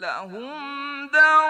lahum dawa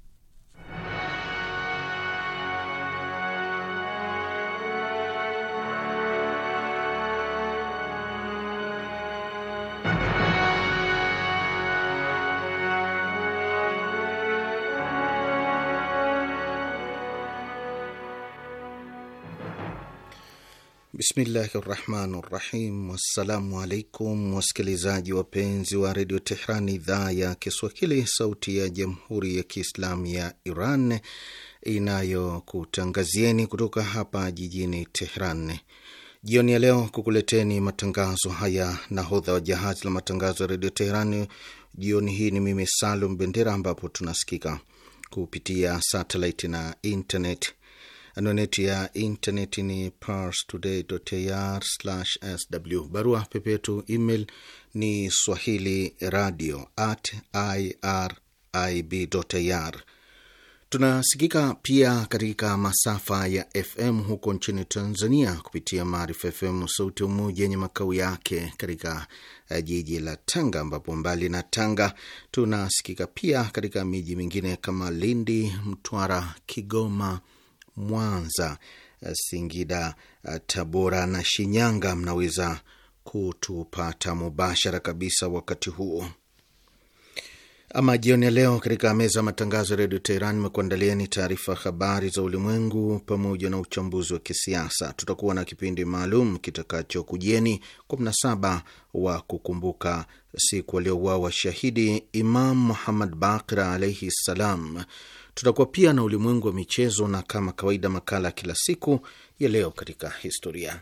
Bismillahi rahmani rahim. Wassalamu alaikum wasikilizaji wapenzi wa redio Tehran, idhaa ya Kiswahili, sauti ya jamhuri ya Kiislamu ya Iran inayokutangazieni kutoka hapa jijini Tehran jioni ya leo kukuleteni matangazo haya. Nahodha wa jahazi la matangazo ya redio Tehran jioni hii ni mimi Salum Bendera, ambapo tunasikika kupitia satelit na internet. Anoneti ya intaneti ni parstoday.ir/sw. Barua pepe yetu email ni swahili radio at irib.ir. Tunasikika pia katika masafa ya FM huko nchini Tanzania kupitia Maarifa FM Sauti Umoja yenye makao yake katika eh, jiji la Tanga, ambapo mbali na Tanga tunasikika pia katika miji mingine kama Lindi, Mtwara, Kigoma, Mwanza, eh, Singida, eh, Tabora na Shinyanga mnaweza kutupata mubashara kabisa wakati huo. Ama jioni ya leo katika meza ya matangazo ya redio Teheran ni taarifa habari za ulimwengu pamoja na uchambuzi wa kisiasa. Tutakuwa na kipindi maalum kitakachokujieni kwa mnasaba wa kukumbuka siku aliyouawa shahidi Imam Muhammad Baqir alaihi ssalam. Tutakuwa pia na ulimwengu wa michezo na kama kawaida, makala ya kila siku ya leo katika historia.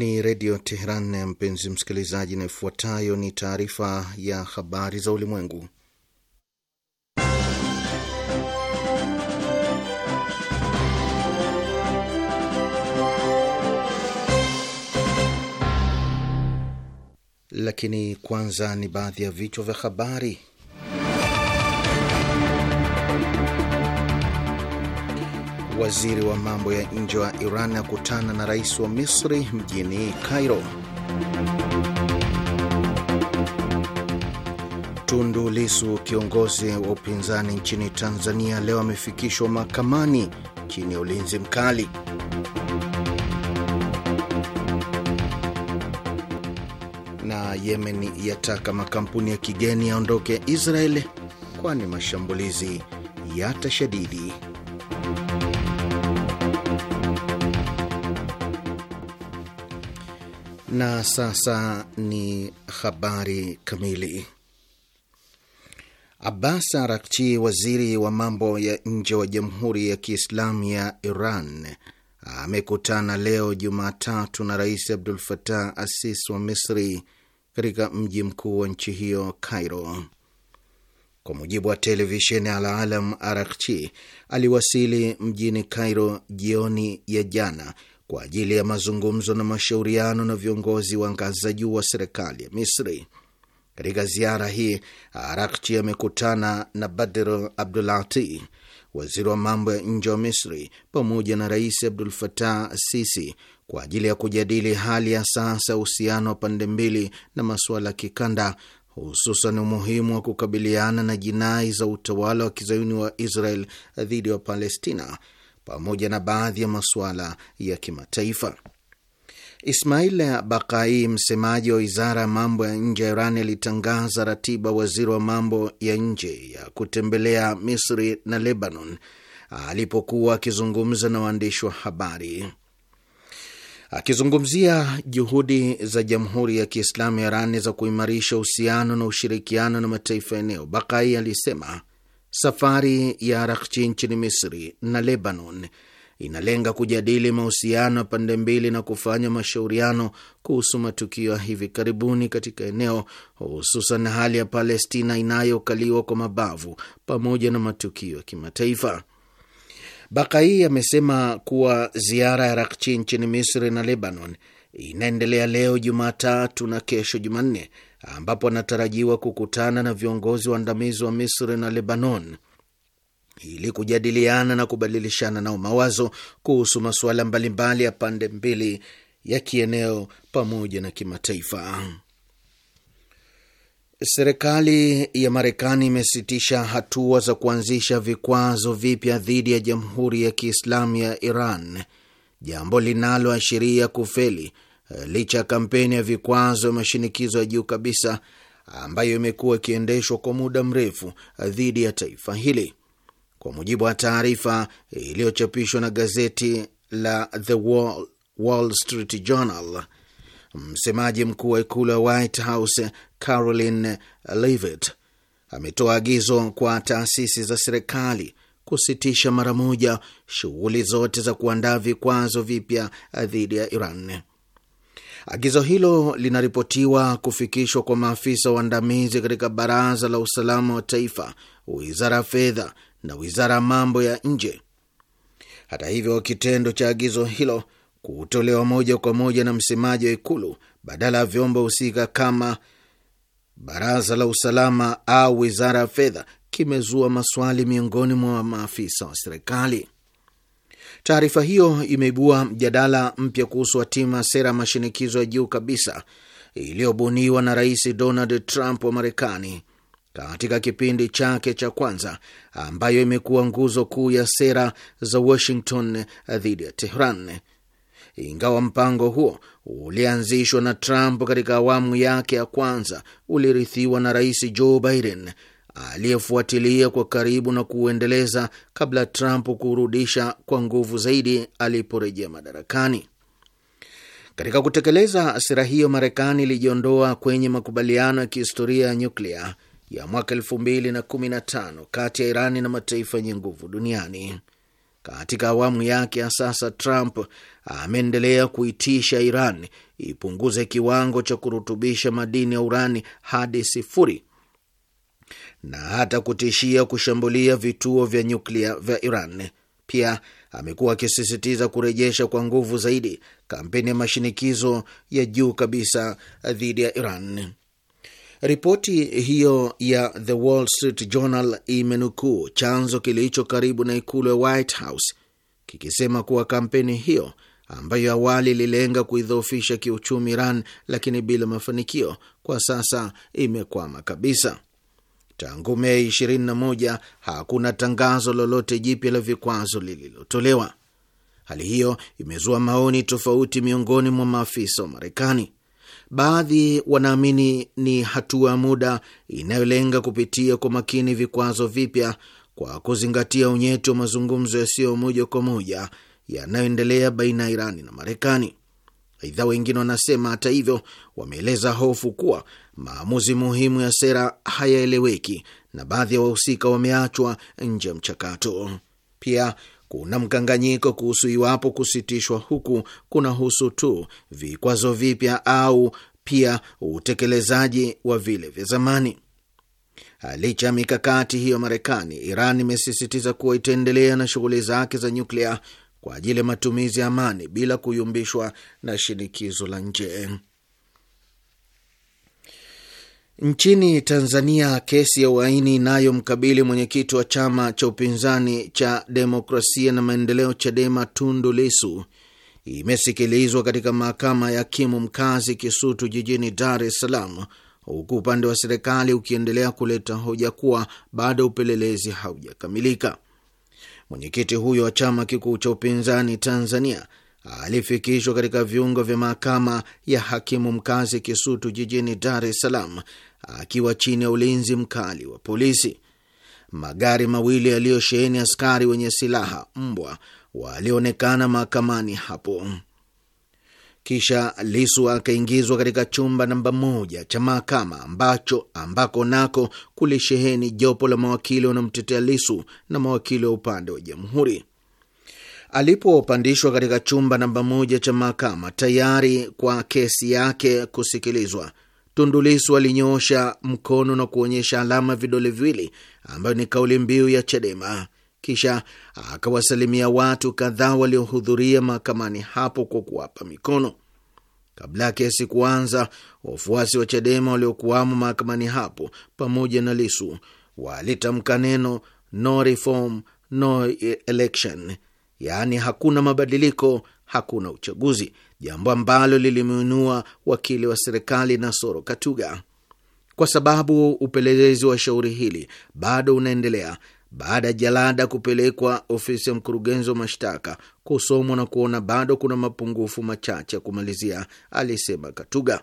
ni Redio Teheran. Mpenzi msikilizaji, na ifuatayo ni taarifa ya habari za ulimwengu, lakini kwanza ni baadhi ya vichwa vya habari. Waziri wa mambo ya nje wa Iran akutana na rais wa Misri mjini Cairo. Tundu Lisu, kiongozi wa upinzani nchini Tanzania, leo amefikishwa mahakamani chini ya ulinzi mkali. Na Yemen yataka makampuni ya kigeni yaondoke Israeli, kwani mashambulizi yatashadidi. Na sasa ni habari kamili. Abbas Arakchi, waziri wa mambo ya nje wa Jamhuri ya Kiislamu ya Iran, amekutana leo Jumatatu na Rais Abdul Fatah Assis wa Misri katika mji mkuu wa nchi hiyo, Cairo. Kwa mujibu wa televisheni Al Alam, Arakchi aliwasili mjini Cairo jioni ya jana kwa ajili ya mazungumzo na mashauriano na viongozi wa ngazi za juu wa serikali ya Misri. Katika ziara hii, Arakchi amekutana na Badr Abdulati, waziri wa mambo ya nje wa Misri, pamoja na Rais Abdul Fatah Sisi kwa ajili ya kujadili hali ya sasa uhusiano wa pande mbili na masuala ya kikanda, hususan umuhimu wa kukabiliana na jinai za utawala wa kizayuni wa Israel dhidi ya Palestina pamoja na baadhi ya masuala ya kimataifa. Ismail Bakai, msemaji wa wizara ya mambo ya nje ya Iran, alitangaza ratiba waziri wa mambo ya nje ya kutembelea Misri na Lebanon alipokuwa akizungumza na waandishi wa habari. Akizungumzia juhudi za Jamhuri ya Kiislamu ya Iran za kuimarisha uhusiano na ushirikiano na mataifa eneo, Bakai alisema Safari ya Arakchi nchini Misri na Lebanon inalenga kujadili mahusiano ya pande mbili na kufanya mashauriano kuhusu matukio ya hivi karibuni katika eneo, hususan hali ya Palestina inayokaliwa kwa mabavu pamoja na matukio ya kimataifa. Bakai amesema kuwa ziara ya Rakchi nchini Misri na Lebanon inaendelea leo Jumatatu na kesho Jumanne ambapo anatarajiwa kukutana na viongozi waandamizi wa Misri na Lebanon ili kujadiliana na kubadilishana nao mawazo kuhusu masuala mbalimbali ya pande mbili ya kieneo pamoja na kimataifa. Serikali ya Marekani imesitisha hatua za kuanzisha vikwazo vipya dhidi ya Jamhuri ya Kiislamu ya Iran, jambo linaloashiria kufeli Eh, licha ya kampeni ya vikwazo ya mashinikizo ya juu kabisa ambayo imekuwa ikiendeshwa kwa muda mrefu dhidi ya taifa hili. Kwa mujibu wa taarifa iliyochapishwa na gazeti la The Wall, Wall Street Journal, msemaji mkuu wa ikulu ya White House Caroline Leavitt ametoa agizo kwa taasisi za serikali kusitisha mara moja shughuli zote za kuandaa vikwazo vipya dhidi ya Iran. Agizo hilo linaripotiwa kufikishwa kwa maafisa waandamizi katika Baraza la Usalama wa Taifa, Wizara ya Fedha na Wizara ya Mambo ya Nje. Hata hivyo, kitendo cha agizo hilo kutolewa moja kwa moja na msemaji wa Ikulu badala ya vyombo husika kama Baraza la Usalama au Wizara ya Fedha kimezua maswali miongoni mwa maafisa wa serikali. Taarifa hiyo imeibua mjadala mpya kuhusu hatima sera ya mashinikizo ya juu kabisa iliyobuniwa na Rais Donald Trump wa Marekani katika kipindi chake cha kwanza, ambayo imekuwa nguzo kuu ya sera za Washington dhidi ya Tehran. Ingawa mpango huo ulianzishwa na Trump katika awamu yake ya kwanza, ulirithiwa na Rais Joe Biden aliyefuatilia kwa karibu na kuuendeleza kabla Trump kuurudisha kwa nguvu zaidi aliporejea madarakani. Katika kutekeleza sera hiyo, Marekani ilijiondoa kwenye makubaliano ya kihistoria ya nyuklia ya mwaka 2015 kati ya Irani na mataifa yenye nguvu duniani. Katika awamu yake ya sasa, Trump ameendelea kuitisha Iran ipunguze kiwango cha kurutubisha madini ya urani hadi sifuri na hata kutishia kushambulia vituo vya nyuklia vya Iran. Pia amekuwa akisisitiza kurejesha kwa nguvu zaidi kampeni ya mashinikizo ya juu kabisa dhidi ya Iran. Ripoti hiyo ya The Wall Street Journal imenukuu chanzo kilicho karibu na ikulu ya White House kikisema kuwa kampeni hiyo ambayo awali ililenga kuidhoofisha kiuchumi Iran, lakini bila mafanikio, kwa sasa imekwama kabisa. Tangu Mei 21 hakuna tangazo lolote jipya la vikwazo lililotolewa. Hali hiyo imezua maoni tofauti miongoni mwa maafisa wa Marekani. Baadhi wanaamini ni hatua ya muda inayolenga kupitia kwa makini vikwazo vipya kwa kuzingatia unyeti wa mazungumzo yasiyo moja kwa moja yanayoendelea baina ya Irani na Marekani. Aidha, wengine wanasema, hata hivyo, wameeleza hofu kuwa maamuzi muhimu ya sera hayaeleweki na baadhi ya wahusika wameachwa nje ya mchakato. Pia kuna mkanganyiko kuhusu iwapo kusitishwa huku kunahusu tu vikwazo vipya au pia utekelezaji wa vile vya zamani. Licha ya mikakati hiyo Marekani, Iran imesisitiza kuwa itaendelea na shughuli zake za nyuklia kwa ajili ya matumizi ya amani bila kuyumbishwa na shinikizo la nje. Nchini Tanzania, kesi ya uhaini inayomkabili mwenyekiti wa chama cha upinzani cha demokrasia na maendeleo CHADEMA Tundu Lisu imesikilizwa katika mahakama ya hakimu mkazi Kisutu jijini Dar es Salaam, huku upande wa serikali ukiendelea kuleta hoja kuwa bado upelelezi haujakamilika. Mwenyekiti huyo wa chama kikuu cha upinzani Tanzania alifikishwa katika viungo vya mahakama ya hakimu mkazi Kisutu jijini Dar es Salaam akiwa chini ya ulinzi mkali wa polisi. Magari mawili yaliyosheheni askari wenye silaha mbwa walionekana mahakamani hapo. Kisha Lisu akaingizwa katika chumba namba moja cha mahakama ambacho ambako nako kulisheheni jopo la mawakili wanaomtetea Lisu na mawakili wa upande wa jamhuri. Alipopandishwa katika chumba namba moja cha mahakama tayari kwa kesi yake kusikilizwa, Tundulisu alinyoosha mkono na kuonyesha alama vidole viwili ambayo ni kauli mbiu ya Chadema. Kisha akawasalimia watu kadhaa waliohudhuria mahakamani hapo kwa kuwapa mikono. Kabla ya kesi kuanza, wafuasi wa Chadema waliokuwamo mahakamani hapo pamoja na Lisu walitamka neno no reform no election, yaani hakuna mabadiliko hakuna uchaguzi, jambo ambalo lilimuinua wakili wa serikali Nasoro Katuga. Kwa sababu upelelezi wa shauri hili bado unaendelea, baada ya jalada kupelekwa ofisi ya mkurugenzi wa mashtaka kusomwa na kuona bado kuna mapungufu machache ya kumalizia, alisema Katuga.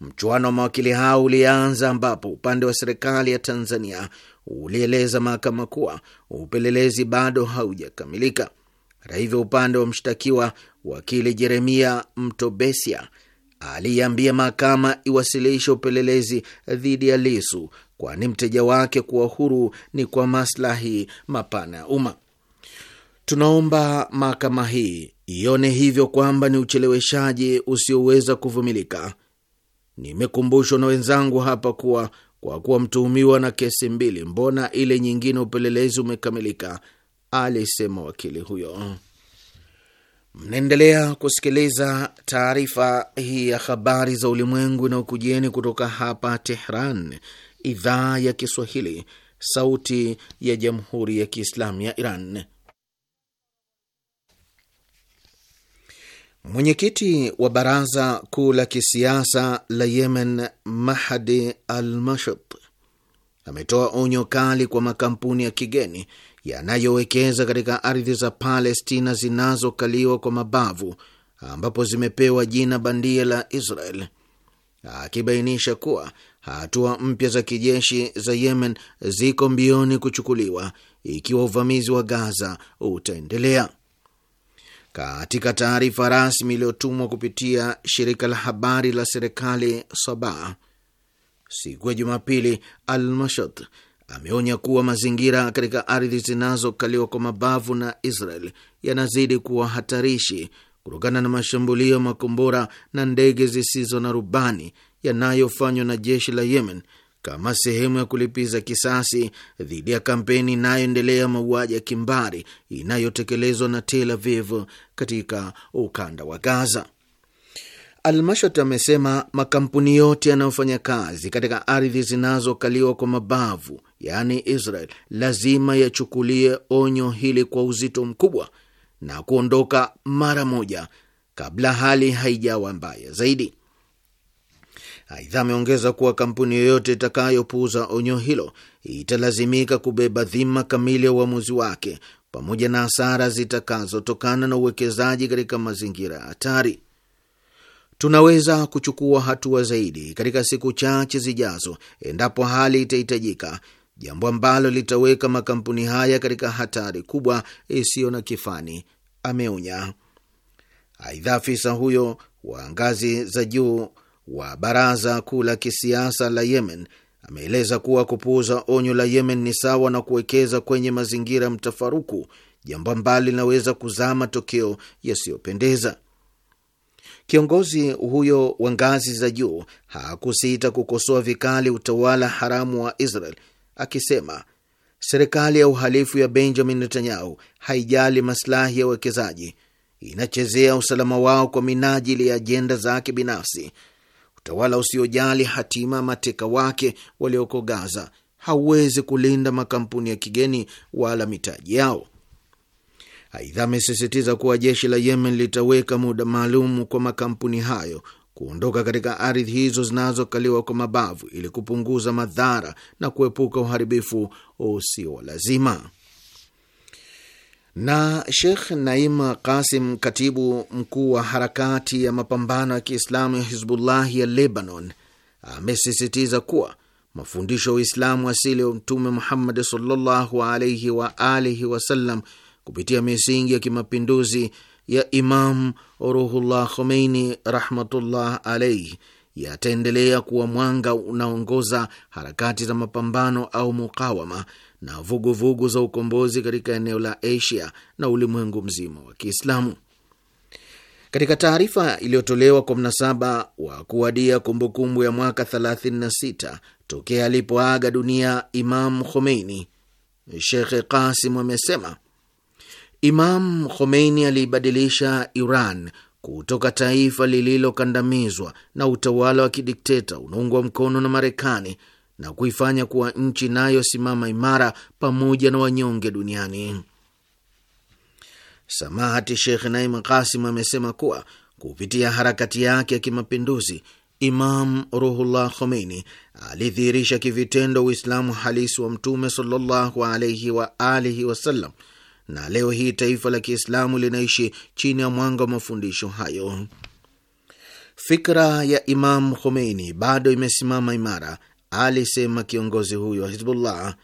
Mchuano wa mawakili hao ulianza ambapo upande wa serikali ya Tanzania ulieleza mahakama kuwa upelelezi bado haujakamilika. Hata hivyo upande wa mshtakiwa wakili Jeremia Mtobesia aliyeambia mahakama iwasilishe upelelezi dhidi ya Lisu, kwani mteja wake kuwa huru ni kwa maslahi mapana ya umma. Tunaomba mahakama hii ione hivyo kwamba ni ucheleweshaji usioweza kuvumilika. Nimekumbushwa na wenzangu hapa kuwa kwa kuwa mtuhumiwa na kesi mbili, mbona ile nyingine upelelezi umekamilika alisema wakili huyo. Mnaendelea kusikiliza taarifa hii ya habari za ulimwengu na ukujieni kutoka hapa Tehran, idhaa ya Kiswahili, sauti ya jamhuri ya kiislamu ya Iran. Mwenyekiti wa baraza kuu la kisiasa la Yemen, Mahdi al Mashat, ametoa onyo kali kwa makampuni ya kigeni yanayowekeza katika ardhi za Palestina zinazokaliwa kwa mabavu ambapo zimepewa jina bandia la Israel, akibainisha kuwa hatua mpya za kijeshi za Yemen ziko mbioni kuchukuliwa ikiwa uvamizi wa Gaza utaendelea. Katika taarifa rasmi iliyotumwa kupitia shirika la habari la serikali Sabah, siku ya Jumapili, Al Mashat ameonya kuwa mazingira katika ardhi zinazokaliwa kwa mabavu na Israel yanazidi kuwa hatarishi kutokana na mashambulio ya makombora na ndege zisizo na rubani yanayofanywa na jeshi la Yemen kama sehemu ya kulipiza kisasi dhidi ya kampeni inayoendelea mauaji ya kimbari inayotekelezwa na Tel Aviv katika ukanda wa Gaza. Almashat amesema makampuni yote yanayofanya kazi katika ardhi zinazokaliwa kwa mabavu, yaani Israel, lazima yachukulie onyo hili kwa uzito mkubwa na kuondoka mara moja kabla hali haijawa mbaya zaidi. Aidha, ameongeza kuwa kampuni yoyote itakayopuuza onyo hilo italazimika kubeba dhima kamili ya uamuzi wake pamoja na hasara zitakazotokana na uwekezaji katika mazingira hatari. Tunaweza kuchukua hatua zaidi katika siku chache zijazo endapo hali itahitajika, jambo ambalo litaweka makampuni haya katika hatari kubwa isiyo na kifani, ameonya. Aidha, afisa huyo wa ngazi za juu wa baraza kuu la kisiasa la Yemen ameeleza kuwa kupuuza onyo la Yemen ni sawa na kuwekeza kwenye mazingira ya mtafaruku, jambo ambalo linaweza kuzaa matokeo yasiyopendeza. Kiongozi huyo wa ngazi za juu hakusita kukosoa vikali utawala haramu wa Israel akisema serikali ya uhalifu ya Benjamin Netanyahu haijali masilahi ya wawekezaji, inachezea usalama wao kwa minajili ya ajenda zake binafsi. Utawala usiojali hatima mateka wake walioko Gaza hauwezi kulinda makampuni ya kigeni wala mitaji yao. Aidha, amesisitiza kuwa jeshi la Yemen litaweka muda maalum kwa makampuni hayo kuondoka katika ardhi hizo zinazokaliwa kwa mabavu ili kupunguza madhara na kuepuka uharibifu usio wa lazima. Na Sheikh Naim Kasim, katibu mkuu wa harakati ya mapambano ya Kiislamu ya Hizbullah ya Lebanon, amesisitiza kuwa mafundisho ya Uislamu asili ya Mtume Muhammad sallallahu alaihi wa alihi wasallam kupitia misingi ya kimapinduzi ya Imam Ruhullah Khomeini rahmatullah alaih yataendelea kuwa mwanga unaongoza harakati za mapambano au mukawama na vuguvugu vugu za ukombozi katika eneo la Asia na ulimwengu mzima wa Kiislamu. Katika taarifa iliyotolewa kwa mnasaba wa kuwadia kumbukumbu ya mwaka 36 tokea alipoaga dunia Imam Khomeini, Shekhe Kasim amesema Imam Khomeini aliibadilisha Iran kutoka taifa lililokandamizwa na utawala wa kidikteta unaungwa mkono na Marekani na kuifanya kuwa nchi inayosimama imara pamoja na wanyonge duniani. Samahati Sheikh Naim Kasim amesema kuwa kupitia harakati yake ya kimapinduzi Imam Ruhullah Khomeini alidhihirisha kivitendo Uislamu halisi wa Mtume sallallahu alaihi wa alihi wasallam na leo hii taifa la Kiislamu linaishi chini ya mwanga wa mafundisho hayo. Fikra ya Imam Khomeini bado imesimama imara, alisema kiongozi huyo wa Hizbullah.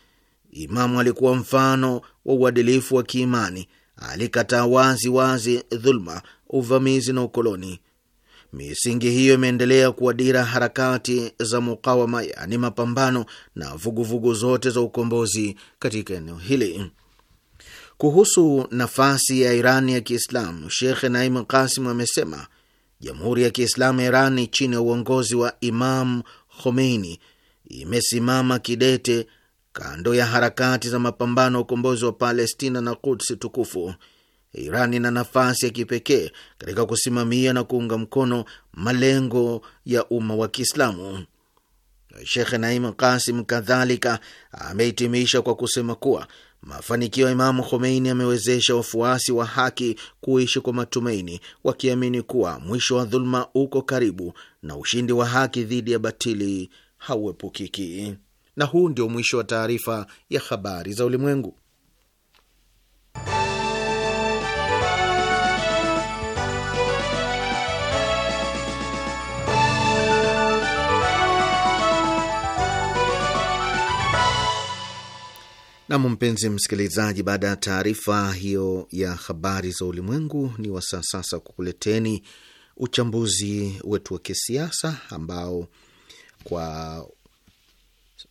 Imamu alikuwa mfano wa uadilifu wa kiimani, alikataa wazi wazi dhuluma, uvamizi na ukoloni. Misingi hiyo imeendelea kuwa dira harakati za mukawama, yaani mapambano na vuguvugu vugu zote za ukombozi katika eneo hili. Kuhusu nafasi ya Iran ya Kiislamu, shekhe Naim Kasim amesema Jamhuri ya Kiislamu ya Irani chini ya uongozi wa Imam Khomeini imesimama kidete kando ya harakati za mapambano ya ukombozi wa Palestina na Kudsi tukufu. Iran ina nafasi ya kipekee katika kusimamia na kuunga mkono malengo ya umma wa Kiislamu. shekhe Naim Kasim kadhalika amehitimisha kwa kusema kuwa Mafanikio ya Imamu Khomeini yamewezesha wafuasi wa haki kuishi kwa matumaini, wakiamini kuwa mwisho wa dhuluma uko karibu na ushindi wa haki dhidi ya batili hauepukiki. Na huu ndio mwisho wa taarifa ya habari za ulimwengu. Nam, mpenzi msikilizaji, baada ya taarifa hiyo ya habari za ulimwengu, ni wasaa sasa kukuleteni uchambuzi wetu wa kisiasa ambao kwa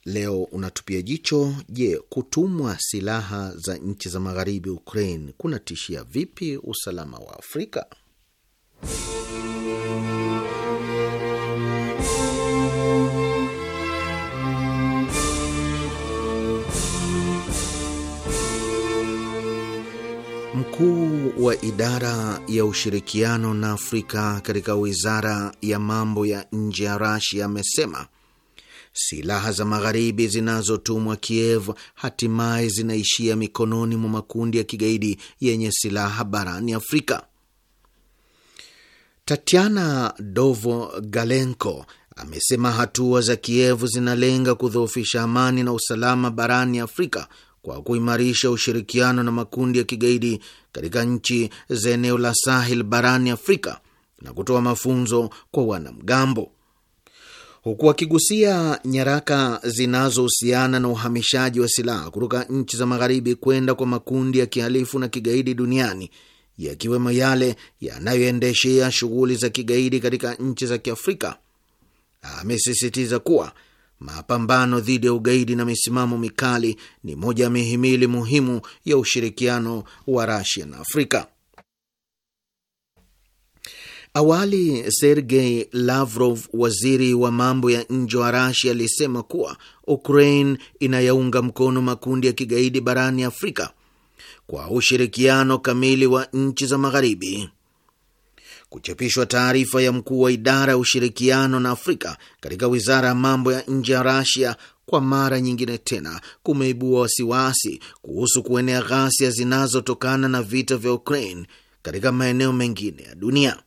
leo unatupia jicho: je, kutumwa silaha za nchi za magharibi Ukraine kunatishia vipi usalama wa Afrika? idara ya ushirikiano na Afrika katika wizara ya mambo ya nje ya Rasia amesema silaha za magharibi zinazotumwa Kiev hatimaye zinaishia mikononi mwa makundi ya kigaidi yenye silaha barani Afrika. Tatiana galenko amesema hatua za Kievu zinalenga kudhoofisha amani na usalama barani Afrika kwa kuimarisha ushirikiano na makundi ya kigaidi katika nchi za eneo la Sahel barani Afrika na kutoa mafunzo kwa wanamgambo, huku akigusia nyaraka zinazohusiana na uhamishaji wa silaha kutoka nchi za magharibi kwenda kwa makundi ya kihalifu na kigaidi duniani yakiwemo yale yanayoendeshea shughuli za kigaidi katika nchi za Kiafrika. Amesisitiza kuwa Mapambano dhidi ya ugaidi na misimamo mikali ni moja ya mihimili muhimu ya ushirikiano wa Rasia na Afrika. Awali Sergei Lavrov, waziri wa mambo ya nje wa Rasia, alisema kuwa Ukraine inayaunga mkono makundi ya kigaidi barani Afrika kwa ushirikiano kamili wa nchi za Magharibi kuchapishwa taarifa ya mkuu wa idara ya ushirikiano na Afrika katika wizara ya mambo ya nje ya Rasia kwa mara nyingine tena kumeibua wasiwasi kuhusu kuenea ghasia zinazotokana na vita vya Ukraine katika maeneo mengine ya dunia.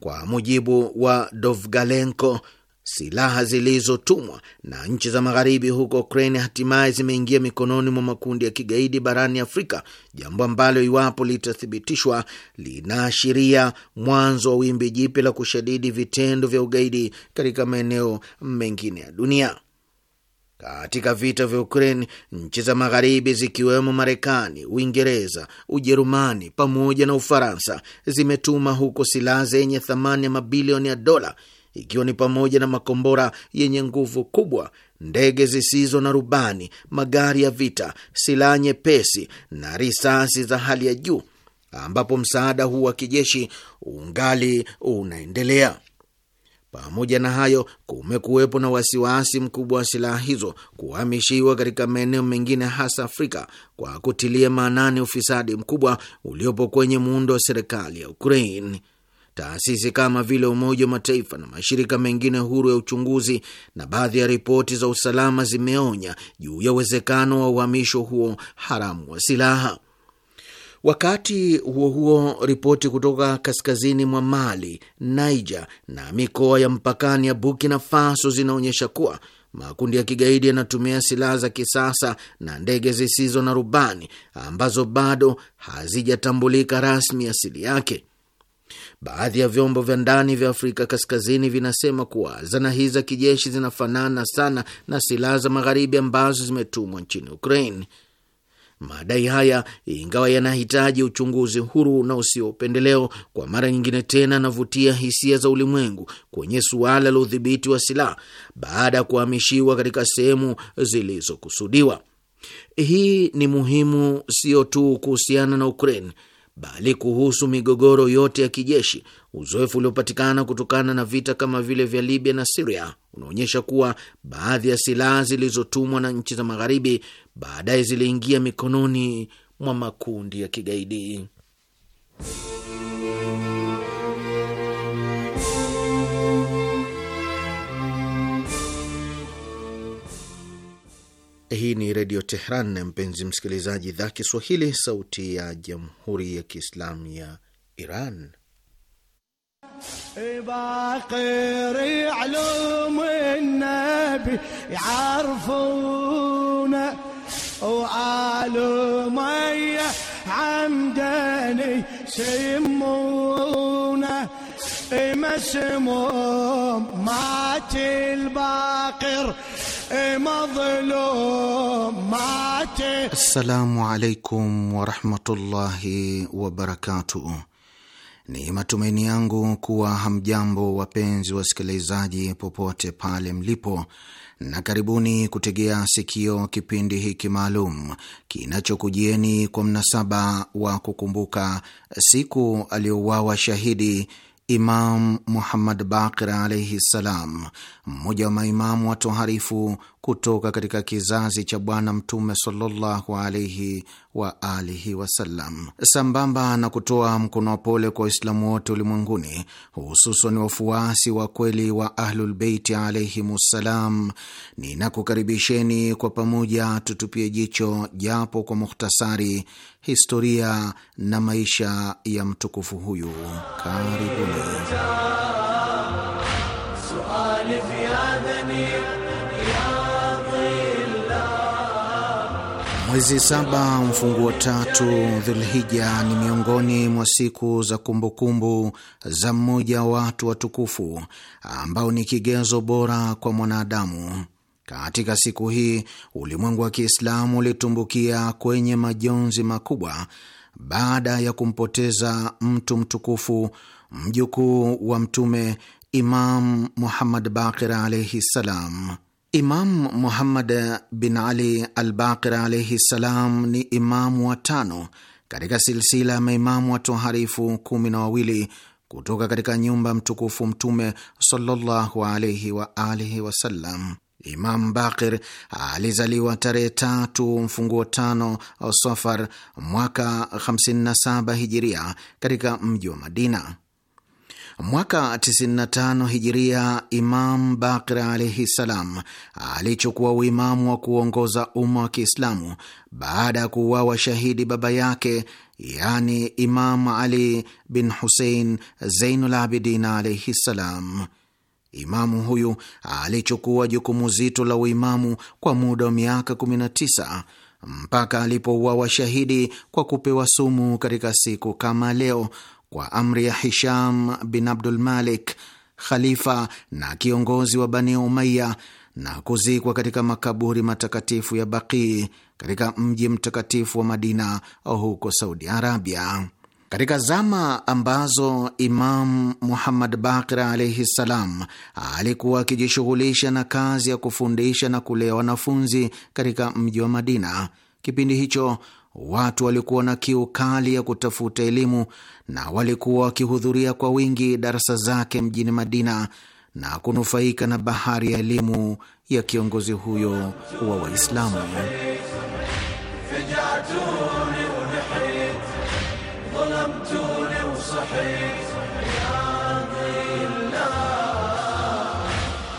Kwa mujibu wa Dovgalenko, Silaha zilizotumwa na nchi za magharibi huko Ukraine hatimaye zimeingia mikononi mwa makundi ya kigaidi barani Afrika, jambo ambalo iwapo litathibitishwa, linaashiria mwanzo wa wimbi jipya la kushadidi vitendo vya ugaidi katika maeneo mengine ya dunia. Katika vita vya Ukraine, nchi za magharibi zikiwemo Marekani, Uingereza, Ujerumani pamoja na Ufaransa zimetuma huko silaha zenye thamani ya mabilioni ya dola ikiwa ni pamoja na makombora yenye nguvu kubwa, ndege zisizo na rubani, magari ya vita, silaha nyepesi na risasi za hali ya juu, ambapo msaada huu wa kijeshi ungali unaendelea. Pamoja na hayo, kumekuwepo na wasiwasi mkubwa wa silaha hizo kuhamishiwa katika maeneo mengine, hasa Afrika, kwa kutilia maanani ufisadi mkubwa uliopo kwenye muundo wa serikali ya Ukraine. Taasisi kama vile Umoja wa Mataifa na mashirika mengine huru ya uchunguzi na baadhi ya ripoti za usalama zimeonya juu ya uwezekano wa uhamisho huo haramu wa silaha. Wakati huo huo, ripoti kutoka kaskazini mwa Mali, Niger na mikoa ya mpakani ya Burkina Faso zinaonyesha kuwa makundi ya kigaidi yanatumia silaha za kisasa na ndege zisizo na rubani ambazo bado hazijatambulika rasmi asili yake. Baadhi ya vyombo vya ndani vya Afrika Kaskazini vinasema kuwa zana hizi za kijeshi zinafanana sana na silaha za magharibi ambazo zimetumwa nchini Ukraine. Madai haya ingawa yanahitaji uchunguzi huru na usio upendeleo, kwa mara nyingine tena anavutia hisia za ulimwengu kwenye suala la udhibiti wa silaha baada ya kuhamishiwa katika sehemu zilizokusudiwa. Hii ni muhimu sio tu kuhusiana na Ukraine bali kuhusu migogoro yote ya kijeshi. Uzoefu uliopatikana kutokana na vita kama vile vya Libya na Siria unaonyesha kuwa baadhi ya silaha zilizotumwa na nchi za Magharibi baadaye ziliingia mikononi mwa makundi ya kigaidi. Hii ni Redio Tehran, mpenzi msikilizaji, idhaa Kiswahili, sauti ya jamhuri ya kiislamu ya Iran. باقر علوم النبي يعرفونه وعالمي عمدني سمونه مسموم مات الباقر E Assalamu alaikum warahmatullahi wabarakatuh. Ni matumaini yangu kuwa hamjambo, wapenzi wasikilizaji, popote pale mlipo, na karibuni kutegea sikio kipindi hiki maalum kinachokujieni kwa mnasaba wa kukumbuka siku aliyouawa shahidi Imam Muhammad Baqir alaihi ssalam, mmoja wa maimamu watoharifu kutoka katika kizazi cha Bwana Mtume sallallahu alaihi wa alihi wasallam, sambamba na kutoa mkono wa pole kwa Waislamu wote ulimwenguni, hususan wafuasi wa kweli wa Ahlulbeiti ssalam, ninakukaribisheni kwa pamoja tutupie jicho japo kwa mukhtasari historia na maisha ya mtukufu huyu. Karibuni. Mwezi saba mfunguo tatu Dhulhija ni miongoni mwa siku za kumbukumbu kumbu za mmoja wa watu watukufu ambao ni kigezo bora kwa mwanadamu. Katika siku hii ulimwengu wa Kiislamu ulitumbukia kwenye majonzi makubwa baada ya kumpoteza mtu mtukufu, mjukuu wa Mtume, Imam Muhammad Baqir alaihi ssalam. Imam Muhammad bin Ali al Baqir alaihi ssalam ni imamu wa tano katika silsila ya maimamu watoharifu kumi na wawili kutoka katika nyumba mtukufu Mtume sallallahu alaihi alihi wasallam. Imam Bakir alizaliwa tarehe tatu mfunguo tano Safar mwaka 57 hijiria katika mji wa Madina. Mwaka 95 hijiria, Imam Bakir alaihi ssalam alichukua uimamu wa kuongoza umma wa Kiislamu baada ya kuuawa shahidi baba yake, yani Imam Ali bin Husein Zeinul Abidin alaihi ssalam. Imamu huyu alichukua jukumu zito la uimamu kwa muda wa miaka 19 mpaka alipouawa shahidi kwa kupewa sumu katika siku kama leo kwa amri ya Hisham bin Abdul Malik, khalifa na kiongozi wa Bani Umaya, na kuzikwa katika makaburi matakatifu ya Baqii katika mji mtakatifu wa Madina huko Saudi Arabia. Katika zama ambazo Imam Muhammad Bakir alaihi ssalam alikuwa akijishughulisha na kazi ya kufundisha na kulea wanafunzi katika mji wa Madina, kipindi hicho watu walikuwa na kiu kali ya kutafuta elimu na walikuwa wakihudhuria kwa wingi darasa zake mjini Madina na kunufaika na bahari ya elimu ya kiongozi huyo wa Waislamu.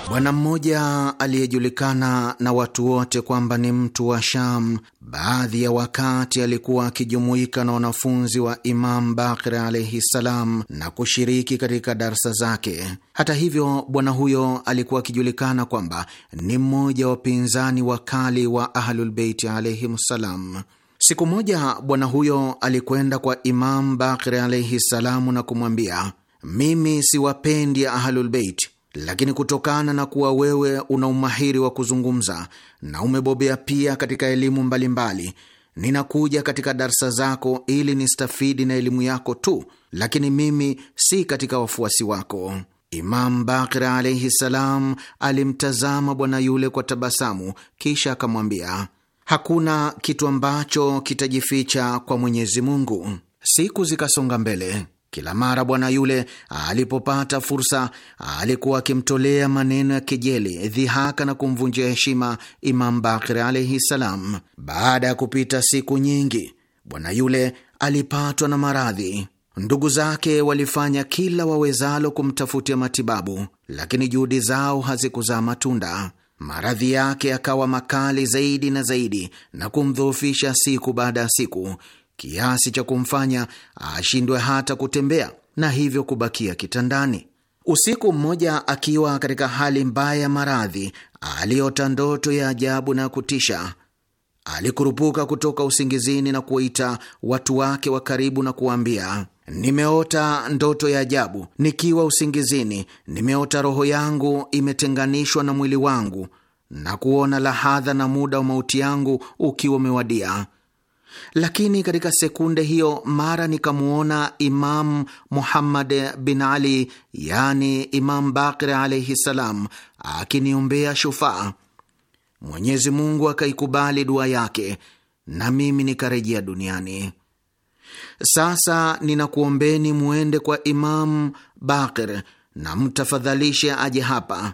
Bwana mmoja aliyejulikana na watu wote kwamba ni mtu wa Sham, baadhi ya wakati alikuwa akijumuika na wanafunzi wa Imam Bakir alaihi ssalam na kushiriki katika darsa zake. Hata hivyo, bwana huyo alikuwa akijulikana kwamba ni mmoja wa wapinzani wakali wa Ahlulbeiti alaihim ssalam. Siku moja bwana huyo alikwenda kwa Imam Bakir alaihi salamu na kumwambia, mimi siwapendi Ahlulbeit, lakini kutokana na kuwa wewe una umahiri wa kuzungumza na umebobea pia katika elimu mbalimbali, ninakuja katika darsa zako ili nistafidi na elimu yako tu, lakini mimi si katika wafuasi wako. Imam Bakir alaihi salam alimtazama bwana yule kwa tabasamu, kisha akamwambia Hakuna kitu ambacho kitajificha kwa Mwenyezi Mungu. Siku zikasonga mbele. Kila mara bwana yule alipopata fursa, alikuwa akimtolea maneno ya kejeli, dhihaka na kumvunjia heshima Imam Bakir alaihi ssalam Baada ya kupita siku nyingi, bwana yule alipatwa na maradhi. Ndugu zake walifanya kila wawezalo kumtafutia matibabu, lakini juhudi zao hazikuzaa matunda. Maradhi yake yakawa makali zaidi na zaidi na kumdhoofisha siku baada ya siku, kiasi cha kumfanya ashindwe hata kutembea na hivyo kubakia kitandani. Usiku mmoja, akiwa katika hali mbaya ya maradhi, aliota ndoto ya ajabu na kutisha alikurupuka kutoka usingizini na kuwaita watu wake wa karibu na kuwaambia, nimeota ndoto ya ajabu. Nikiwa usingizini, nimeota roho yangu imetenganishwa na mwili wangu na kuona lahadha na muda wa mauti yangu ukiwa umewadia. Lakini katika sekunde hiyo mara nikamwona Imam Muhammad bin Ali, yani Imam Bakir alaihi salam, akiniombea shufaa. Mwenyezi Mungu akaikubali dua yake na mimi nikarejea duniani. Sasa ninakuombeni mwende kwa Imamu Bakir na mtafadhalishe aje hapa.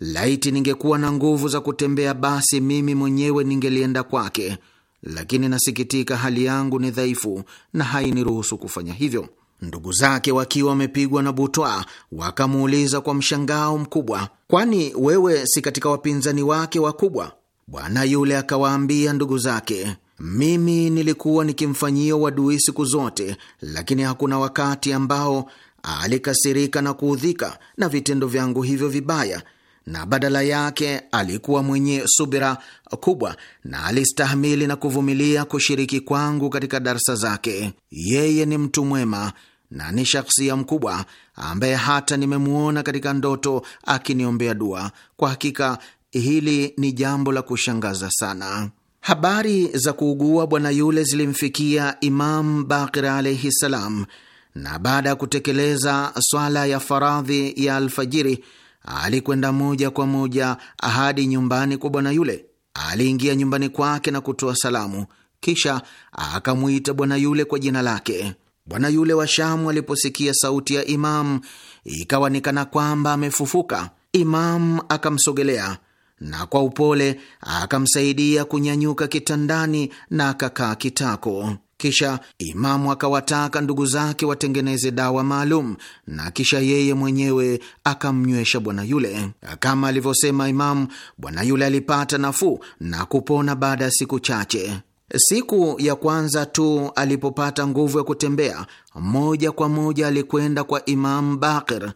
Laiti ningekuwa na nguvu za kutembea, basi mimi mwenyewe ningelienda kwake, lakini nasikitika, hali yangu ni dhaifu na hainiruhusu kufanya hivyo. Ndugu zake wakiwa wamepigwa na butwa, wakamuuliza kwa mshangao mkubwa, kwani wewe si katika wapinzani wake wakubwa? Bwana yule akawaambia ndugu zake, mimi nilikuwa nikimfanyia wadui siku zote, lakini hakuna wakati ambao alikasirika na kuudhika na vitendo vyangu hivyo vibaya, na badala yake alikuwa mwenye subira kubwa na alistahimili na kuvumilia kushiriki kwangu katika darsa zake. Yeye ni mtu mwema na ni shakhsia mkubwa ambaye hata nimemwona katika ndoto akiniombea dua. Kwa hakika hili ni jambo la kushangaza sana. Habari za kuugua bwana yule zilimfikia Imam Bakir alaihi salam, na baada ya kutekeleza swala ya faradhi ya alfajiri alikwenda moja kwa moja hadi nyumbani kwa bwana yule aliingia nyumbani kwake na kutoa salamu, kisha akamwita bwana yule kwa jina lake. Bwana yule wa Shamu aliposikia sauti ya Imamu ikawa ni kana kwamba amefufuka. Imamu akamsogelea na kwa upole akamsaidia kunyanyuka kitandani na akakaa kitako. Kisha imamu akawataka ndugu zake watengeneze dawa maalum, na kisha yeye mwenyewe akamnywesha bwana yule. Kama alivyosema imamu, bwana yule alipata nafuu na kupona baada ya siku chache. Siku ya kwanza tu alipopata nguvu ya kutembea, moja kwa moja alikwenda kwa Imamu Bakir.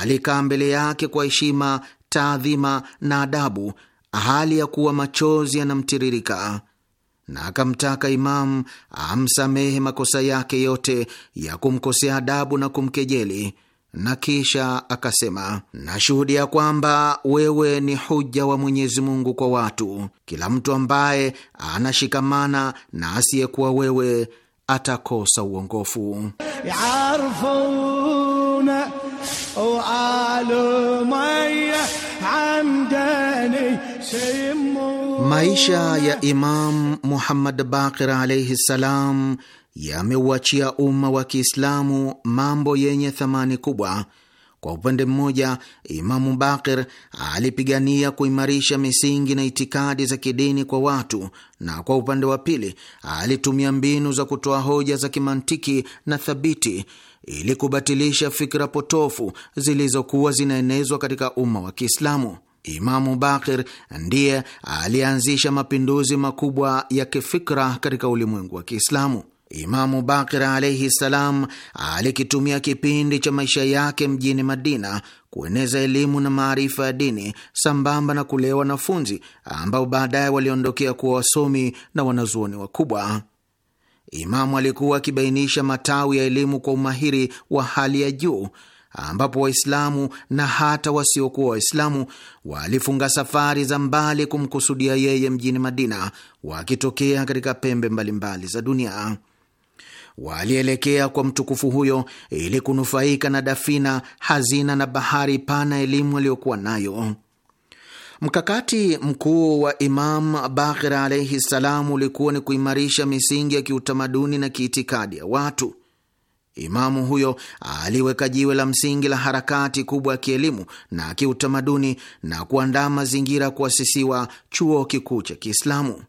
Alikaa mbele yake kwa heshima, taadhima na adabu, hali ya kuwa machozi yanamtiririka na akamtaka Imamu amsamehe makosa yake yote ya kumkosea adabu na kumkejeli, na kisha akasema, nashuhudia kwamba wewe ni huja wa Mwenyezi Mungu kwa watu. Kila mtu ambaye anashikamana na asiyekuwa wewe atakosa uongofu. Maisha oh, ya Imam Muhammad Baqir alaihi ssalam yameuachia umma wa Kiislamu mambo yenye thamani kubwa. Kwa upande mmoja, Imamu Bakir alipigania kuimarisha misingi na itikadi za kidini kwa watu, na kwa upande wa pili alitumia mbinu za kutoa hoja za kimantiki na thabiti ili kubatilisha fikra potofu zilizokuwa zinaenezwa katika umma wa Kiislamu. Imamu Bakir ndiye alianzisha mapinduzi makubwa ya kifikra katika ulimwengu wa Kiislamu. Imamu Bakir alaihi ssalam alikitumia kipindi cha maisha yake mjini Madina kueneza elimu na maarifa ya dini sambamba na kulea wanafunzi ambao baadaye waliondokea kuwa wasomi na wanazuoni wakubwa. Imamu alikuwa akibainisha matawi ya elimu kwa umahiri wa hali ya juu ambapo Waislamu na hata wasiokuwa Waislamu walifunga safari za mbali kumkusudia yeye mjini Madina, wakitokea katika pembe mbalimbali mbali za dunia. Walielekea kwa mtukufu huyo ili kunufaika na dafina, hazina na bahari pana elimu aliyokuwa nayo. Mkakati mkuu wa Imam Bakir alaihi ssalam ulikuwa ni kuimarisha misingi ya kiutamaduni na kiitikadi ya watu Imamu huyo aliweka jiwe la msingi la harakati kubwa ya kielimu na kiutamaduni na kuandaa mazingira kuasisiwa chuo kikuu cha Kiislamu.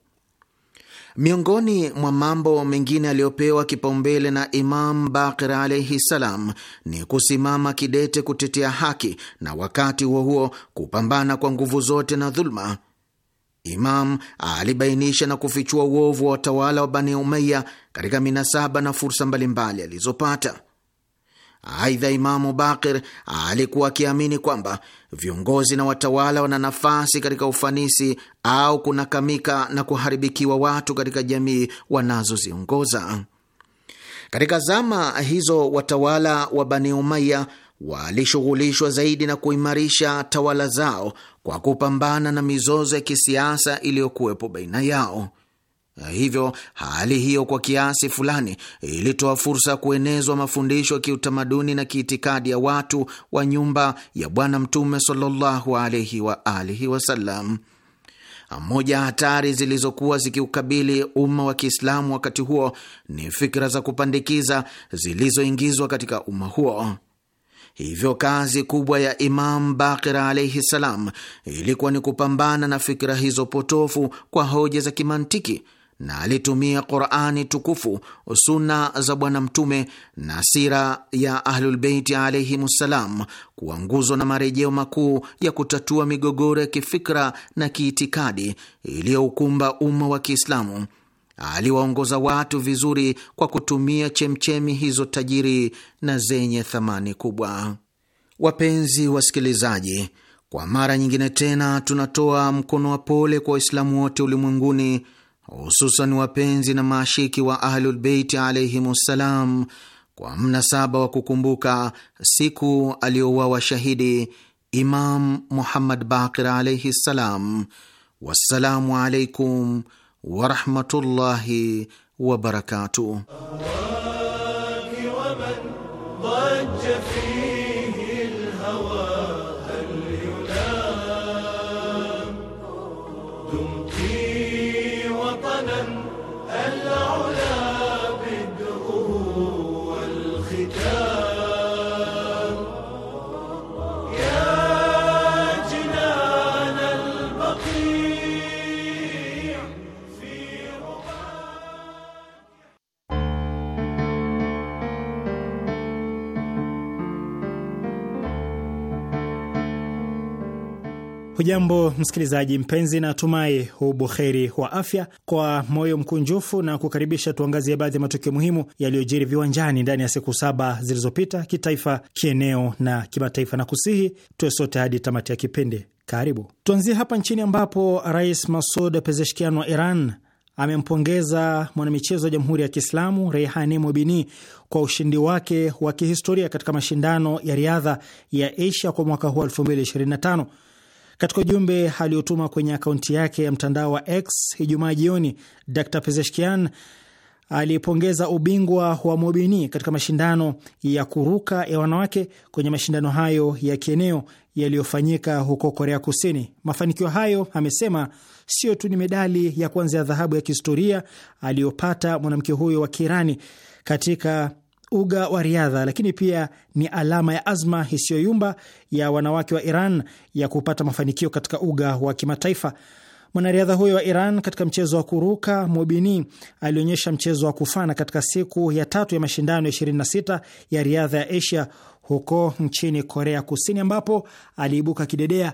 Miongoni mwa mambo mengine aliyopewa kipaumbele na Imam Bakir alaihi salam ni kusimama kidete kutetea haki na wakati huo huo kupambana kwa nguvu zote na dhuluma. Imam alibainisha na kufichua uovu wa watawala wa Bani umeya katika minasaba na fursa mbalimbali alizopata. Aidha, Imamu Bakir alikuwa akiamini kwamba viongozi na watawala wana nafasi katika ufanisi au kunakamika na kuharibikiwa watu katika jamii wanazoziongoza. Katika zama hizo watawala wa Bani Umaya walishughulishwa zaidi na kuimarisha tawala zao kwa kupambana na mizozo ya kisiasa iliyokuwepo baina yao. Hivyo hali hiyo kwa kiasi fulani ilitoa fursa ya kuenezwa mafundisho ya kiutamaduni na kiitikadi ya watu wa nyumba ya Bwana Mtume sallallahu alaihi wa alihi wasallam. Moja hatari zilizokuwa zikiukabili umma wa Kiislamu wakati huo ni fikra za kupandikiza zilizoingizwa katika umma huo. Hivyo kazi kubwa ya Imam Bakira alaihi ssalam ilikuwa ni kupambana na fikira hizo potofu kwa hoja za kimantiki na alitumia Qurani tukufu, suna za Bwana Mtume na sira ya Ahlulbeiti alaihim ssalam kuwa nguzo na marejeo makuu ya kutatua migogoro ya kifikra na kiitikadi iliyoukumba umma wa Kiislamu aliwaongoza watu vizuri kwa kutumia chemchemi hizo tajiri na zenye thamani kubwa. Wapenzi wasikilizaji, kwa mara nyingine tena tunatoa mkono wa pole kwa Waislamu wote ulimwenguni, hususan wapenzi na maashiki wa Ahlulbeiti alaihimussalam kwa mnasaba wa kukumbuka siku aliyouawa shahidi Imam Muhammad Bakir alaihi ssalam. Wassalamu alaikum ورحمه الله وبركاته Hujambo msikilizaji mpenzi, na tumai ubuheri wa afya. Kwa moyo mkunjufu na kukaribisha, tuangazie baadhi ya matukio muhimu yaliyojiri viwanjani ndani ya siku saba zilizopita, kitaifa, kieneo na kimataifa, na kusihi tuwe sote hadi tamati ya kipindi. Karibu tuanzie hapa nchini ambapo Rais Masud Pezeshkian wa Iran amempongeza mwanamichezo wa Jamhuri ya Kiislamu reihani Mobini kwa ushindi wake wa kihistoria katika mashindano ya riadha ya Asia kwa mwaka huu 2025. Katika ujumbe aliotuma kwenye akaunti yake ya mtandao wa X Ijumaa jioni, Dr Pezeshkian alipongeza ubingwa wa Mobini katika mashindano ya kuruka ya wanawake kwenye mashindano hayo ya kieneo yaliyofanyika huko Korea Kusini. Mafanikio hayo, amesema, sio tu ni medali ya kwanza ya dhahabu ya kihistoria aliyopata mwanamke huyo wa Kirani katika uga wa riadha, lakini pia ni alama ya azma isiyoyumba ya wanawake wa Iran ya kupata mafanikio katika uga wa kimataifa. Mwanariadha huyo wa Iran katika mchezo wa kuruka Mobini alionyesha mchezo wa kufana katika siku ya tatu ya mashindano ya 26 ya riadha ya Asia huko nchini Korea Kusini, ambapo aliibuka kidedea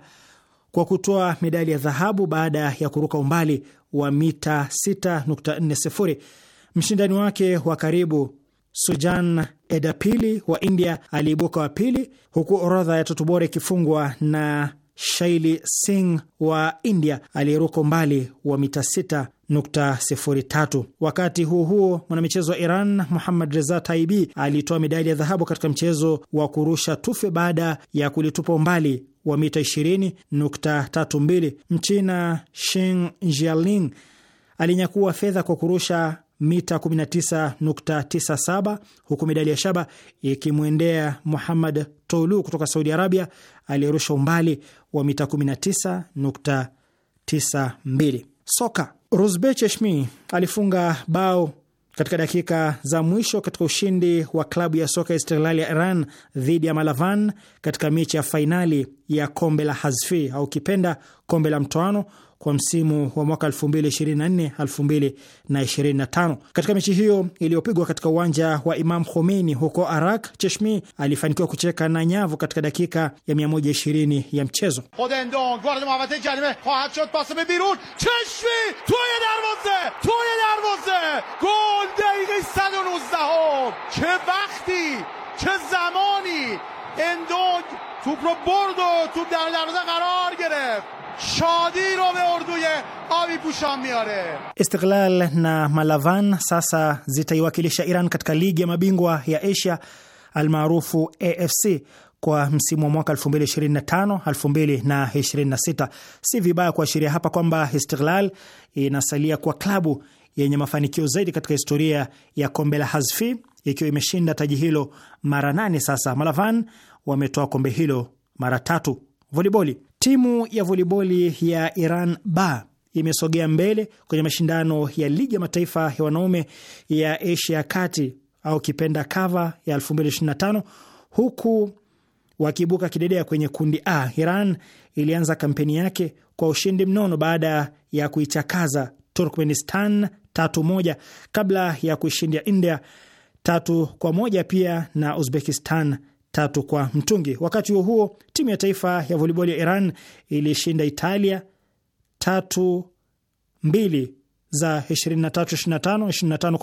kwa kutoa medali ya dhahabu baada ya kuruka umbali wa mita 6.40. Mshindani wake wa karibu Sujan Edapili wa India aliibuka wa pili, huku orodha ya tatu bora ikifungwa na Shaili Singh wa India aliyeruka umbali wa mita sita Wakati huo huo, mwanamichezo wa Iran Muhammad Reza Taibi alitoa medali ya dhahabu katika mchezo wa kurusha tufe baada ya kulitupa umbali wa mita 20.32. Mchina Sheng Jialing alinyakua fedha kwa kurusha mita 19.97 huku medali ya shaba ikimwendea Muhammad Toulu kutoka Saudi Arabia aliyerusha umbali wa mita 19.92. Soka, Ruzbe Cheshmi alifunga bao katika dakika za mwisho katika ushindi wa klabu ya soka ya Istiklali ya Iran dhidi ya Malavan katika mechi ya fainali ya kombe la Hazfi au kipenda kombe la mtoano kwa msimu wa mwaka 2024 2025. Katika mechi hiyo iliyopigwa katika uwanja wa Imam Khomeini huko Arak, Cheshmi alifanikiwa kucheka na nyavu katika dakika ya 120 ya mchezo. توپ رو برد و توپ در دروازه قرار گرفت شادی رو به اردوی Awi Pusha miare. Istiklal na Malavan sasa zitaiwakilisha Iran katika ligi ya mabingwa ya Asia almaarufu AFC kwa msimu wa mwaka 2025 2026. Si vibaya kuashiria hapa kwamba Istiklal inasalia kwa klabu yenye mafanikio zaidi katika historia ya kombe la Hazfi ikiwa imeshinda taji hilo mara nane sasa. Malavan wametoa kombe hilo mara tatu. Voliboli. Timu ya voliboli ya Iran ba imesogea mbele kwenye mashindano ya ligi ya mataifa ya wanaume ya Asia kati au kipenda kava ya 2025 huku wakiibuka kidedea kwenye kundi A. Iran ilianza kampeni yake kwa ushindi mnono baada ya kuichakaza Turkmenistan tatu moja kabla ya kuishindia India tatu kwa moja pia na Uzbekistan tatu kwa mtungi. Wakati huo huo, timu ya taifa ya volleyball ya Iran ilishinda Italia tatu mbili za 23 25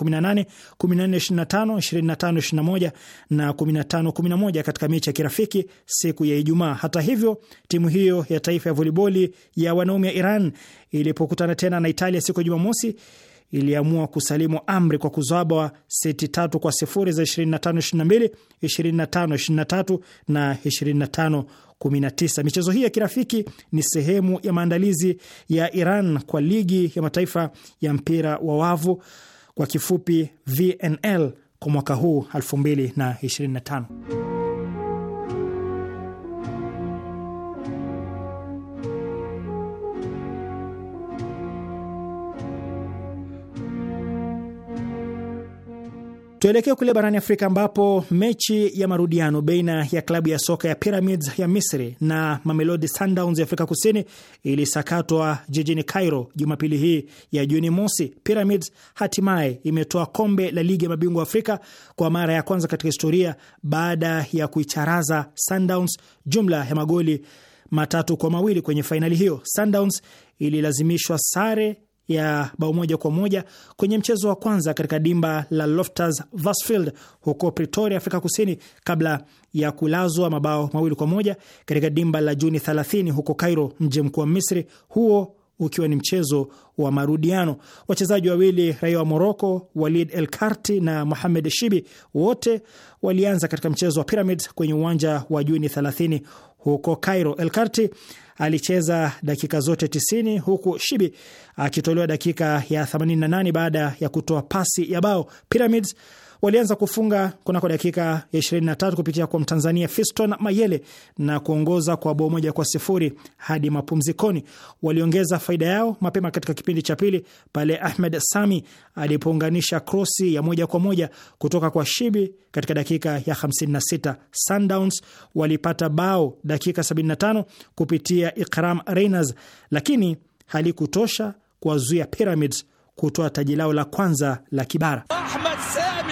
25 18 14 25 25 21 na 15 11 katika mechi ya kirafiki siku ya Ijumaa. Hata hivyo, timu hiyo ya taifa ya voliboli ya wanaume ya Iran ilipokutana tena na Italia siku ya Jumamosi iliamua kusalimu amri kwa kuzabwa seti tatu kwa sifuri za 25-22, 25-23 na 25-19. Michezo hii ya kirafiki ni sehemu ya maandalizi ya Iran kwa ligi ya mataifa ya mpira wa wavu kwa kifupi VNL kwa mwaka huu 2025. Tuelekee kule barani Afrika ambapo mechi ya marudiano baina ya klabu ya soka ya Pyramids ya Misri na Mamelodi Sundowns ya Afrika Kusini ilisakatwa jijini Cairo Jumapili hii ya Juni mosi. Pyramids hatimaye imetoa kombe la ligi ya mabingwa Afrika kwa mara ya kwanza katika historia baada ya kuicharaza Sundowns jumla ya magoli matatu kwa mawili kwenye fainali hiyo. Sundowns ililazimishwa sare ya bao moja kwa moja kwenye mchezo wa kwanza katika dimba la Loftus Versfeld huko Pretoria, Afrika Kusini, kabla ya kulazwa mabao mawili kwa moja katika dimba la Juni 30 huko Cairo, mji mkuu wa Misri, huo ukiwa ni mchezo wa marudiano. Wachezaji wawili raia wa Moroko, Walid El Karti na Mohamed Shibi, wote walianza katika mchezo wa Pyramids kwenye uwanja wa Juni 30 huko Cairo. El Karti alicheza dakika zote 90 huku Shibi akitolewa dakika ya 88 baada ya kutoa pasi ya bao. Pyramids Walianza kufunga kunako dakika ya 23 kupitia kwa Mtanzania Fiston Mayele na kuongoza kwa bao moja kwa sifuri hadi mapumzikoni. Waliongeza faida yao mapema katika kipindi cha pili pale Ahmed Sami alipounganisha krosi ya moja kwa moja kutoka kwa Shibi katika dakika ya 56. Sundowns walipata bao dakika 75 kupitia Ikram Reyners, lakini halikutosha kuwazuia Pyramids kutoa taji lao la kwanza la kibara Ahmed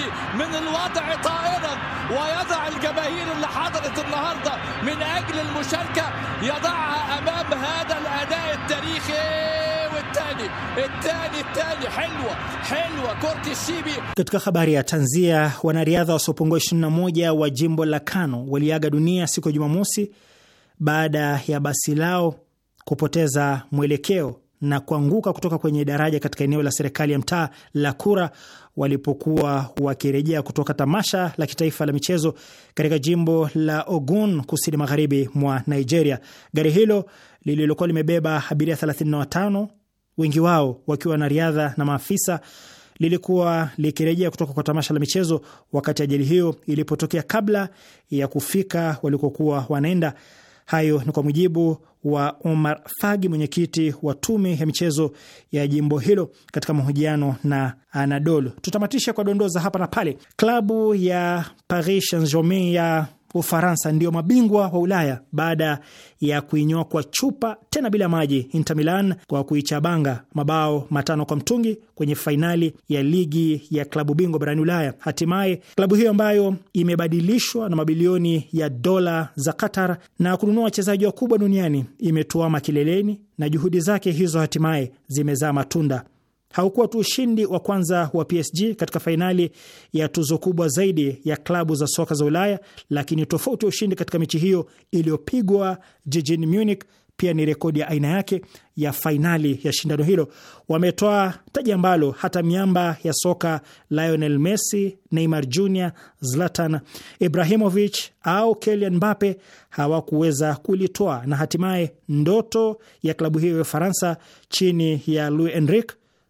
العالمي من الوضع طائرا ويضع الجماهير اللي حضرت النهارده من اجل المشاركه يضعها امام هذا الاداء التاريخي والثاني الثاني الثاني حلوه حلوه korti shibi. Katika habari ya tanzia, wanariadha wasiopungua 21 wa jimbo la Kano waliaga dunia siku ya Jumamosi baada ya basi lao kupoteza mwelekeo na kuanguka kutoka kwenye daraja katika eneo la serikali ya mtaa la Kura walipokuwa wakirejea kutoka tamasha la kitaifa la michezo katika jimbo la Ogun kusini magharibi mwa Nigeria. Gari hilo lililokuwa limebeba abiria 35 wengi wao wakiwa na riadha na maafisa lilikuwa likirejea kutoka kwa tamasha la michezo wakati ajali hiyo ilipotokea, kabla ya kufika walikokuwa wanaenda. Hayo ni kwa mujibu wa Omar Fagi, mwenyekiti wa tume ya michezo ya jimbo hilo katika mahojiano na Anadolu. Tutamatisha kwa dondoza hapa na pale. Klabu ya Paris Saint Germain ya Ufaransa ndio mabingwa wa Ulaya baada ya kuinywa kwa chupa tena bila maji Inter Milan kwa kuichabanga mabao matano kwa mtungi kwenye fainali ya ligi ya klabu bingwa barani Ulaya. Hatimaye klabu hiyo ambayo imebadilishwa na mabilioni ya dola za Qatar na kununua wachezaji wakubwa duniani imetuama kileleni, na juhudi zake hizo hatimaye zimezaa matunda haukuwa tu ushindi wa kwanza wa PSG katika fainali ya tuzo kubwa zaidi ya klabu za soka za Ulaya, lakini tofauti ya ushindi katika mechi hiyo iliyopigwa jijini Munich pia ni rekodi ya aina yake ya fainali ya shindano hilo. Wametoa taji ambalo hata miamba ya soka Lionel Messi, Neymar Jr, Zlatan Ibrahimovic au Kylian Mbappe hawakuweza kulitoa, na hatimaye ndoto ya klabu hiyo ya Ufaransa chini ya Louis Enrique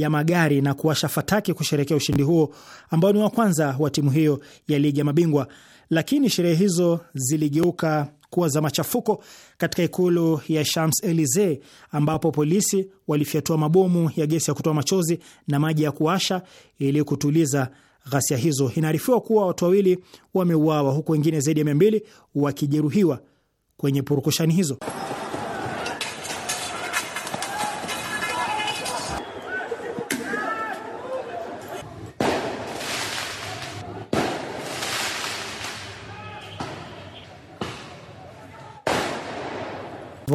ya magari na kuwasha fataki kusherekea ushindi huo ambao ni wa kwanza wa timu hiyo ya ligi ya mabingwa. Lakini sherehe hizo ziligeuka kuwa za machafuko katika ikulu ya Shams Elisee, ambapo polisi walifyatua mabomu ya gesi ya kutoa machozi na maji ya kuasha ili kutuliza ghasia hizo. Inaarifiwa kuwa watu wawili wameuawa huku wengine zaidi ya mia mbili wakijeruhiwa kwenye purukushani hizo.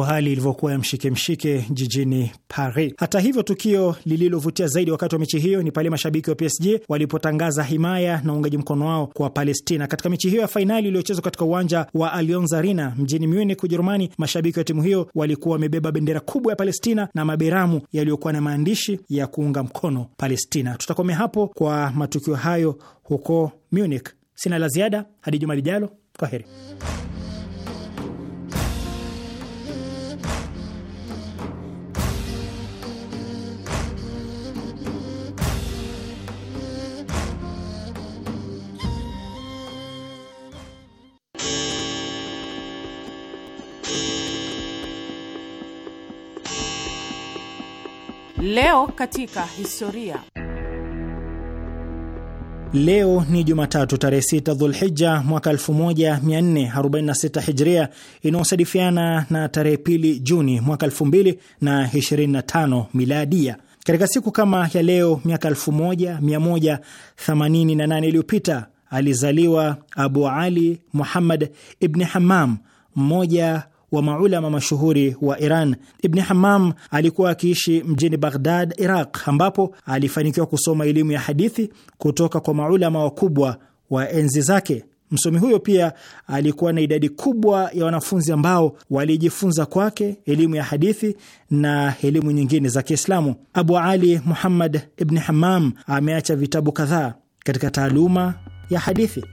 hali ilivyokuwa ya mshike mshike jijini Paris. Hata hivyo, tukio lililovutia zaidi wakati wa mechi hiyo ni pale mashabiki wa PSG walipotangaza himaya na uungaji mkono wao kwa Palestina katika mechi hiyo ya fainali iliyochezwa katika uwanja wa Allianz Arena mjini Munich, Ujerumani. Mashabiki wa timu hiyo walikuwa wamebeba bendera kubwa ya Palestina na maberamu yaliyokuwa na maandishi ya kuunga mkono Palestina. Tutakomea hapo kwa matukio hayo huko Munich. Sina la ziada hadi juma lijalo. Kwa heri. Leo katika historia. Leo ni Jumatatu tarehe 6 Dhulhija mwaka 1446 Hijria, inayosadifiana na tarehe pili Juni mwaka 2025 Miladia. Katika siku kama ya leo miaka 1188 iliyopita alizaliwa Abu Ali Muhammad Ibni Hammam, mmoja wa maulama mashuhuri wa Iran. Ibni hamam alikuwa akiishi mjini Baghdad, Iraq, ambapo alifanikiwa kusoma elimu ya hadithi kutoka kwa maulama wakubwa wa enzi zake. Msomi huyo pia alikuwa na idadi kubwa ya wanafunzi ambao walijifunza kwake elimu ya hadithi na elimu nyingine za Kiislamu. Abu Ali Muhammad Ibni Hamam ameacha vitabu kadhaa katika taaluma ya hadithi.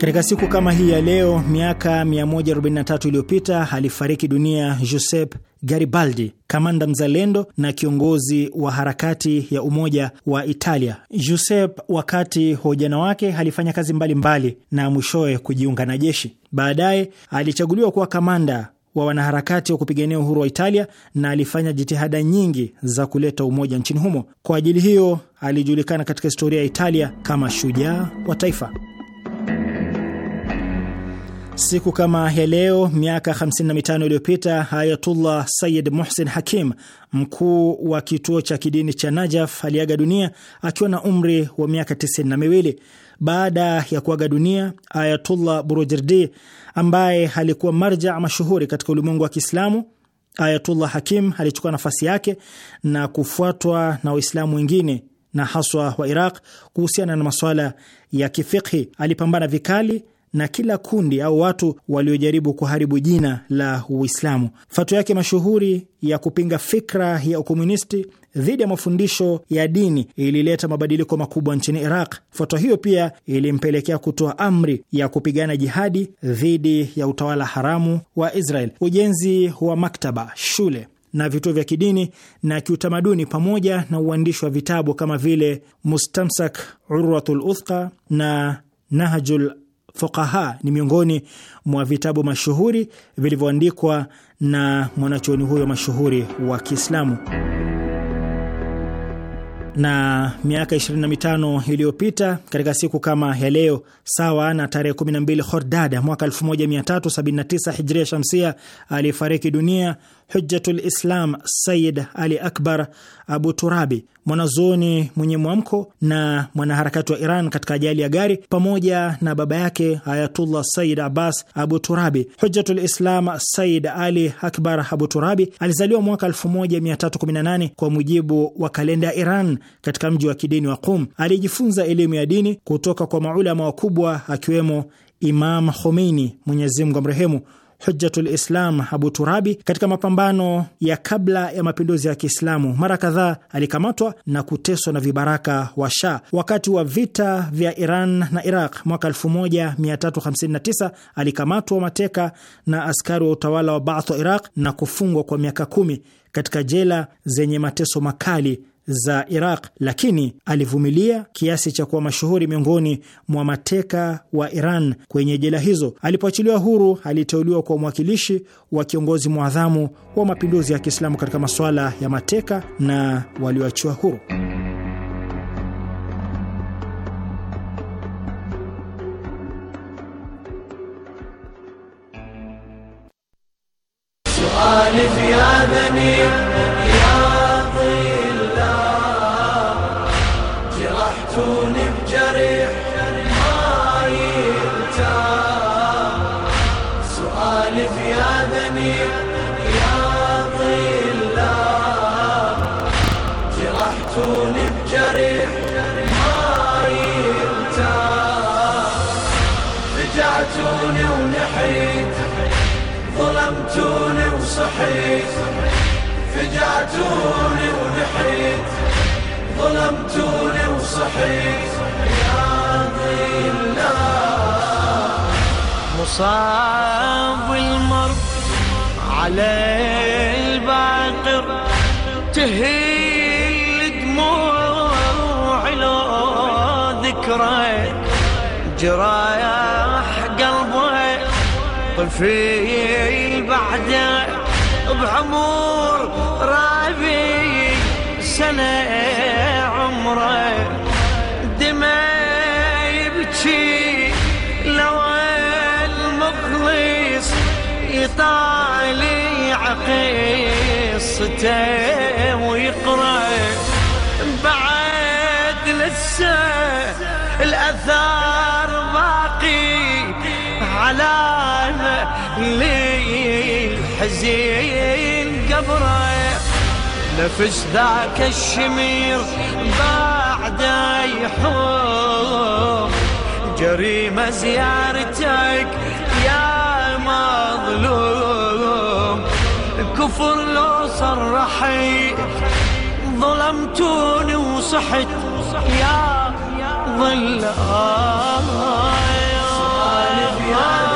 Katika siku kama hii ya leo miaka 143 iliyopita alifariki dunia josep Garibaldi, kamanda mzalendo na kiongozi wa harakati ya umoja wa Italia. Josep wakati wa ujana wake, alifanya kazi mbalimbali mbali na mwishowe kujiunga na jeshi. Baadaye alichaguliwa kuwa kamanda wa wanaharakati wa kupigania uhuru wa Italia na alifanya jitihada nyingi za kuleta umoja nchini humo. Kwa ajili hiyo alijulikana katika historia ya Italia kama shujaa wa taifa. Siku kama ya leo miaka 55 iliyopita Ayatullah sayid Muhsin Hakim, mkuu wa kituo cha kidini cha Najaf, aliaga dunia akiwa na umri wa miaka 9 na miwili. Baada ya kuaga dunia Ayatullah Burujirdi, ambaye alikuwa marja mashuhuri katika ulimwengu wa Kiislamu, Ayatullah Hakim alichukua nafasi yake na kufuatwa na Waislamu wengine na haswa wa Iraq kuhusiana na masuala ya kifikhi. Alipambana vikali na kila kundi au watu waliojaribu kuharibu jina la Uislamu. Fatwa yake mashuhuri ya kupinga fikra ya ukomunisti dhidi ya mafundisho ya dini ilileta mabadiliko makubwa nchini Iraq. Fatwa hiyo pia ilimpelekea kutoa amri ya kupigana jihadi dhidi ya utawala haramu wa Israel. Ujenzi wa maktaba, shule na vituo vya kidini na kiutamaduni pamoja na uandishi wa vitabu kama vile Mustamsak Urwatul Uthqa na Nahjul Fuqaha ni miongoni mwa vitabu mashuhuri vilivyoandikwa na mwanachuoni huyo mashuhuri wa Kiislamu. Na miaka 25 iliyopita katika siku kama ya leo, sawa na tarehe 12 Khordada mwaka 1379 Hijria Shamsia, alifariki dunia Hujjatul Islam Sayid Ali Akbar Abu Turabi, mwanazuoni mwenye mwamko na mwanaharakati wa Iran katika ajali ya gari, pamoja na baba yake Ayatullah Sayid Abbas Abu Turabi. Hujjatul Islam Sayid Ali Akbar Abu Turabi alizaliwa mwaka 1318 kwa mujibu wa kalenda ya Iran katika mji wa kidini wa Qum. Alijifunza elimu ya dini kutoka kwa maulama wakubwa akiwemo Imam Khomeini, Mwenyezi Mungu amrehemu. Hujjatul Islam Abu Turabi katika mapambano ya kabla ya mapinduzi ya Kiislamu. Mara kadhaa alikamatwa na kuteswa na vibaraka wa Shah. Wakati wa vita vya Iran na Iraq mwaka 1359 alikamatwa mateka na askari wa utawala wa Baath wa Iraq na kufungwa kwa miaka kumi katika jela zenye mateso makali za Iraq, lakini alivumilia kiasi cha kuwa mashuhuri miongoni mwa mateka wa Iran kwenye jela hizo. Alipoachiliwa huru, aliteuliwa kwa mwakilishi wa kiongozi mwadhamu wa mapinduzi ya Kiislamu katika masuala ya mateka na walioachiwa huru. رسولي وصحيح يا الله مصاب المر على الباقر تهيل دموع لو ذكرى جراح قلبه طفيل بعدك بعمر رابي سنه عمره دمى يبكي لو المخلص يطالي عقيصته ويقرأ بعد لسه الأثار باقي علامة للحزين قبره نفس ذاك الشمير بعد يحوم جريمة زيارتك يا مظلوم كفر لو صرحت ظلمتوني وصحت يا ظلام آه، آه، آه.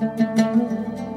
thank you